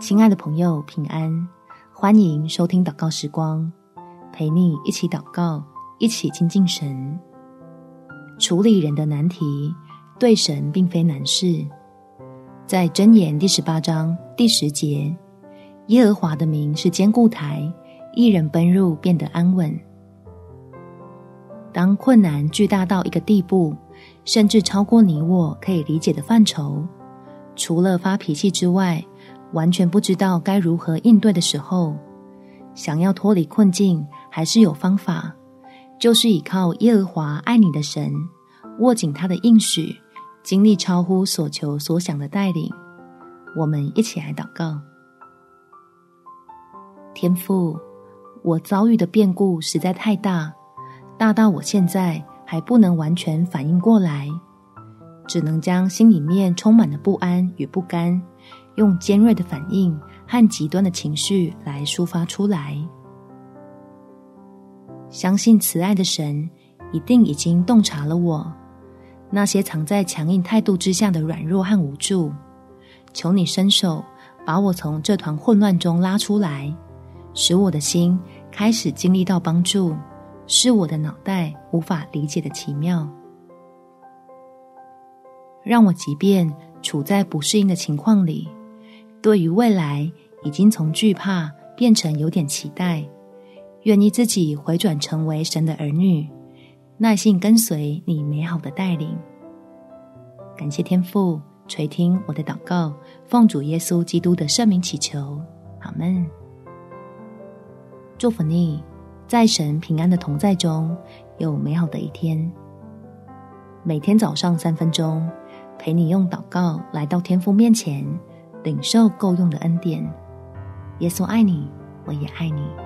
親愛的朋友，平安！歡迎收聽禱告時光，陪你一起禱告，一起親近神。處理人的難題，對神並非難事。在箴言第十八章第十節，耶和華的名是堅固臺，義人奔入，便得安穩。當困難巨大到一個地步，甚至超過你我可以理解的範疇，除了發脾氣之外，完全不知道該如何應對的時候，想要脫離困境，還是有方法，就是倚靠耶和華愛你的神，握緊他的應許，經歷超乎所求所想的帶領。我們一起來禱告。天父，我遭遇的變故實在太大，大到我現在還不能完全反應過來，只能將心裡面充滿的不安與不甘。用尖銳的反應和極端的情緒來抒發出來。相信慈愛的神一定已經洞察了我，那些藏在強硬態度之下的軟弱和無助。求你伸手把我從這團混亂中拉出來，使我的心開始經歷到幫助，是我的腦袋無法理解的奇妙。讓我即便處在不適應的情況裡，對於未來，已經從懼怕變成有點期待，願意自己回轉成為神的兒女，耐心跟隨你美好的帶領。感謝天父垂聽我的禱告，奉主耶穌基督的聖名祈求，阿們。祝福你，在神平安的同在中有美好的一天。每天早上三分鐘，陪你用禱告來到天父面前。領受夠用的恩典，耶穌愛你，我也愛你。